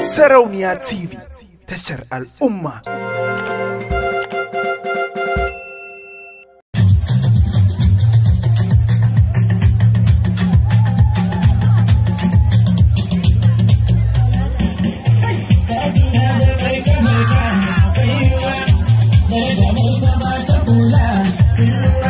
سرونيا تي في تشر الأمة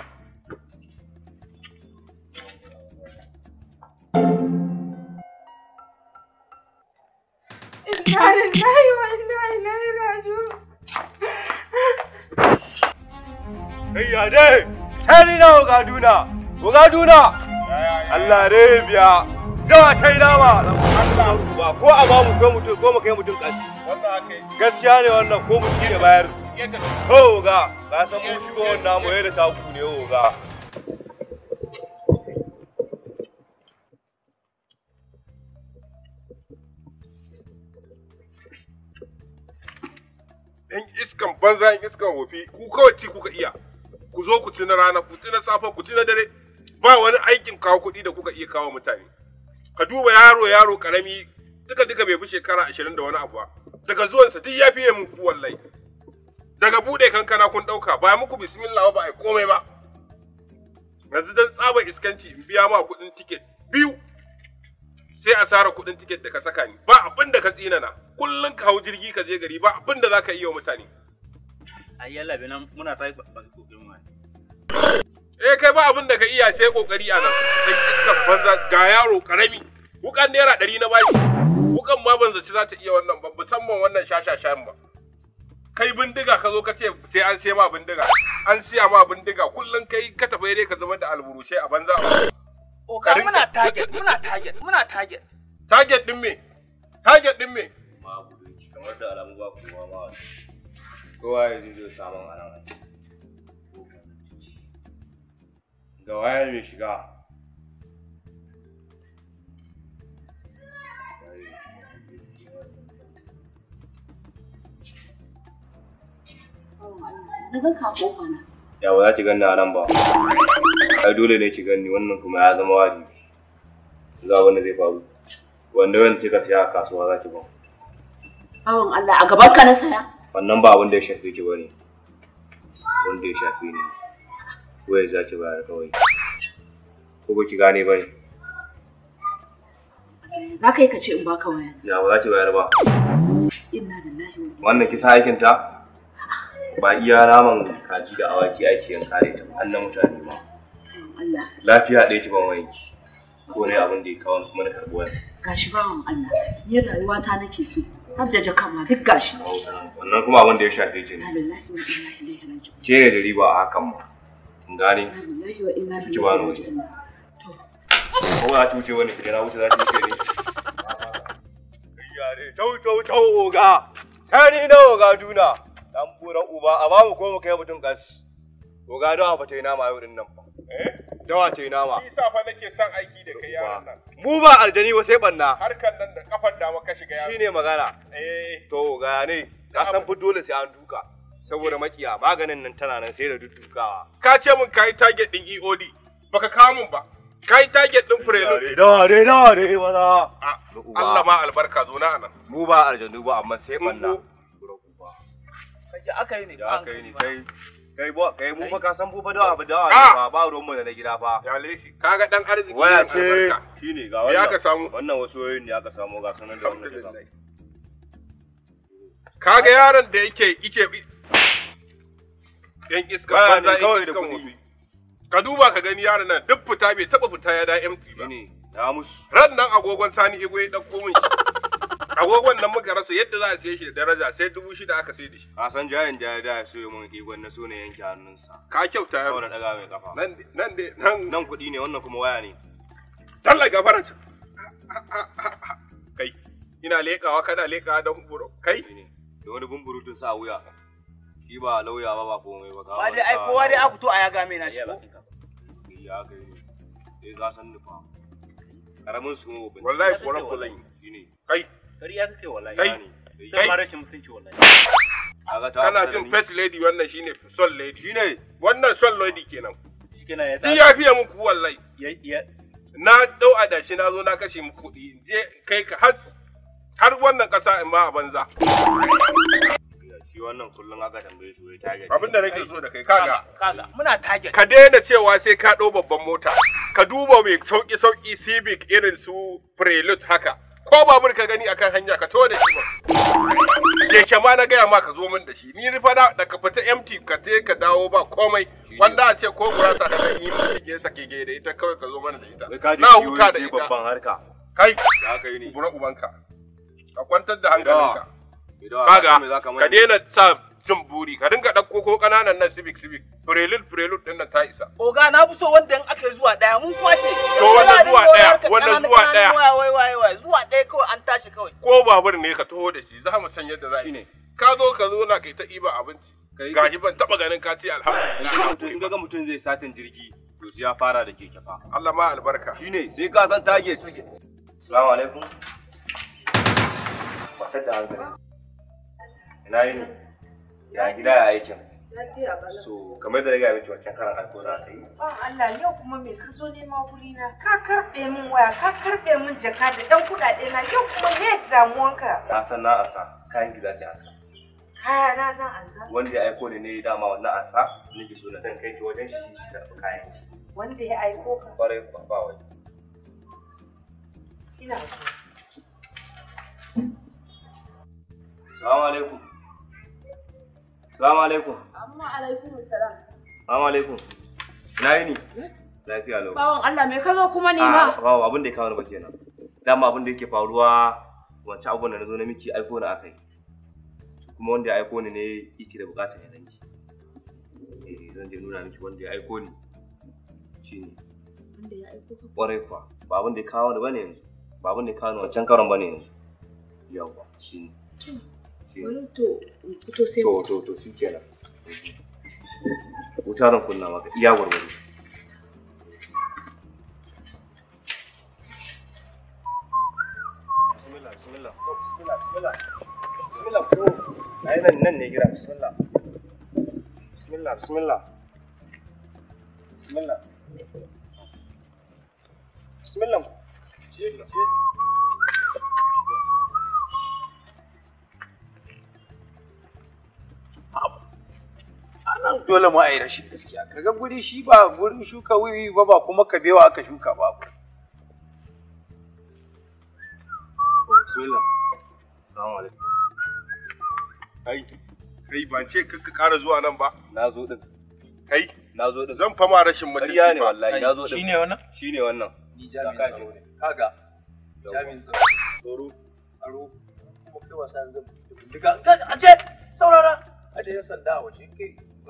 Ayya dai, tani na Ogaduna, Ogaduna, Allah dai biya, da ta yi dama, ba ko a ba mu ko mutum ko mu kai mutum ƙasi. Gaskiya ne wannan ko mutum ne bayar. Ko Oga, ba san mun shigo wannan mu da ta ku ne Oga. Yan iskan banza, yan iskan wofi, ku kawai ci kuka iya. ku zo ku ci na rana ku ci na safe ku ci na dare ba wani aikin kawo kuɗi da kuka iya kawo mutane ka duba yaro yaro karami duka duka bai fi shekara ashirin da wani abu ba daga zuwansa duk ya fiye muku wallahi daga buɗe kankana kun ɗauka ba muku bismillah ba ai komai ba yanzu dan tsaba iskanci in biya ma kuɗin tiket biyu sai asara kuɗin tiket da ka saka ni ba abin da ka tsinana kullum ka hau jirgi ka je gari ba abin da za ka iya wa mutane ai yalla bi nan muna ta ba kokarin wani eh kai ba abin da ka iya sai kokari a nan dan iskar banza ga yaro karami wukan naira ɗari na bashi wukan ma ban zaci za ta iya wannan ba musamman wannan shashashan ba kai bindiga ka zo ka ce sai an sai ma bindiga an siya ma bindiga kullum kai ka tafi dai ka zama da alburushe a banza o ka muna target muna target muna target target din me target din me ma kamar da alamu ba kuma ma kowa ya jijo sabon anan Da waya mai shiga ya ba za ki ganni a nan ba ai dole ne ki ganni wannan kuma ya zama wajibi za wani zai faru wanda wanda kika siya a kasuwa za ki ba Awon Allah a gaban ka na saya? wannan ba abin da ya shafi ki bane abin da ya shafi ne waya za ki bayar kawai ko ba ki gane bane za ka yi ka ce in baka waya ya ba za ki bayar ba wannan kisa aikin ta ba iya naman kaji da awaki ake yanka da ta hannun mutane ma lafiya ɗaya ki ban wani, ko ne abin da ya kawo kuma na karɓuwa gashi wa Allah yin rayuwa ta nake so Hadda jaka duk gashi. Wannan kuma abin da ya shafe ki ne. Ke da riba a hakan ma. Kin ci ba ni waje. Ko za ta wuce wani fitila wuce za ta wuce ne. tau tau tau oga. Sani na oga duna. Dan buran uba a bamu ko mu kai mutum gas. Oga dawa fa nama yau din nan fa. Eh? Dawa ta nama. Shi nake son aiki da kai yaran nan. Mu ba aljani ba sai banna. Harkan nan kafar dama ka shiga yaro. Shine magana. Eh. To ga ne, ka san fi dole sai an duka. Saboda eh. makiya maganin nan tana nan sai da dudukawa. Ka ce min kai target din EOD, baka kawo mun ba. Kai target din Frelo. Da da da da wala. Ah, Allah ma albarka zo na nan. Mu ba aljanu ba amma sai banna. Kai aka yi ne. Aka yi ne kai. kai bo kai mu fa ka san fa dawa ba da ba ah. ah. ba ruwan mu da na gida fa yale shi kaga dan arziki waya ce shine ga wannan ya ka samu wannan wasu yoyin ne aka samu ga sanan da wannan kaga yaron da yake yake yan iska ba da kawai da kudi ka duba ka gani yaron nan duk fita bai taba fita ya da mt ba ne ya musu ran nan agogon sani igwe ya dauko min agogon nan muka rasa yadda za a siye shi da daraja sai dubu shida aka sai da shi a san jayin jaya da ya soye mun igon na so ne yanke hannunsa ka kyauta yau na daga mai kafa nan de nan nan kuɗi ne wannan kuma waya ne talla dalla ta. kai ina leƙawa kana leƙawa don buro kai da wani bumburutun sa wuya shi ba lauya ba ba komai ba ba dai ai kowa dai aku to a ya game na shi ko ya ga eh, ne sai za san nufa karamin su wallahi koran kullai shine kai wallahi. Kai. Sai ma rashin mutunci wallahi. Kana jin first lady wannan shine son lady. Shine wannan son lady kenan. Shikenan ya ta. Ya fiye muku wallahi. Na dau adashi na zo na kashe muku kuɗi. Je kai ka har har wannan ƙasa in ba a banza. wannan kullum aka tambaye su target abin da nake so da kai kaga kaga muna target ka daina cewa sai ka ɗau babban mota ka duba mai sauƙi-sauƙi civic irin su prelude haka ko babur ka gani akan hanya ka to da shi ba keke ma na gaya ma ka zo min da shi ni rufa da ka fita empty ka je ka dawo ba komai wanda a ce ko gurasa da kan yi keke sa ge da ita kawai ka zo mana da ita na huta da ita babban harka kai ya kai ni bura ubanka ka kwantar da hankalinka kaga ka daina sa jin buri ka dinga ɗauko ko ƙananan nan civic civic prelude prelude ɗin nan ta isa. Oga na fi so wanda in aka yi zuwa ɗaya mun kwashe. To wanda zuwa ɗaya wanda zuwa ɗaya. Zuwa ɗaya kawai an tashi kawai. Ko babur ne ka taho da shi za mu san yadda za a yi. Ka zo ka zo na kai ta iba abinci. Gashi ban taɓa ganin ka ce alhamdulillah. In ga mutum zai satan jirgi to ya fara da keke fa. Allah ma albarka. Shine sai ka san target. Assalamu alaikum. Matar da hankali. Ina yini? ya gida ya yi can. so kamar da na gaya miki wancan karan aiko na ta yi ba Allah yau kuma me ka zo nema wurina. ka karbe min waya ka karbe min jaka da ɗan kudade na yau kuma me ka. na san na ansa kayan gida ki ansa kaya na zan ansa wanda ya aiko ni ne dama wannan ansa nake so na dan kai ki wajen shi ki kayan ki wanda ya aiko ka kwarai ba ba wani ina so Assalamu alaikum. Salamu alaikum. Amma alaikum salam. Salamu alaikum. Ina yini? Eh? Lafiya lau. Allah me ka zo kuma ni ma? Ah, bawo abin da ya kawo ni ba kenan. Dama abin da yake faruwa wancan abubuwan da na zo na miki aiko na akai. Kuma wanda ya aiko ni ne yake da bukatar yanan ki. Eh zan je nuna miki wanda ya aiko ni. Shi ne. Wanda ya aiko ka? Kwarai kuwa. Ba abin da ya kawo ni bane yanzu. Ba abin da ya kawo ni wancan karon yanzu. Yawwa shi ne. wani to fito sai to to to shikenan wuta ran kunna maka iya gwargwado bismillah bismillah bismillah bismillah bismillah ko ayi nan nan ne gira bismillah bismillah bismillah bismillah bismillah bismillah dole ma a yi rashin gaskiya kaga guri shi ba gurin shuka wuri ba ba kuma kabewa aka shuka ba kai kai ba ce ka ƙara zuwa nan ba kai na zo din zan fama ba ne wallahi na zo din shine wannan shine wannan ni jami'in tsaro kaga jami'in tsaro tsaro ko kai wasan zan a ce saurara a da yan sanda a waje kai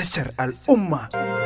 tashar al'umma.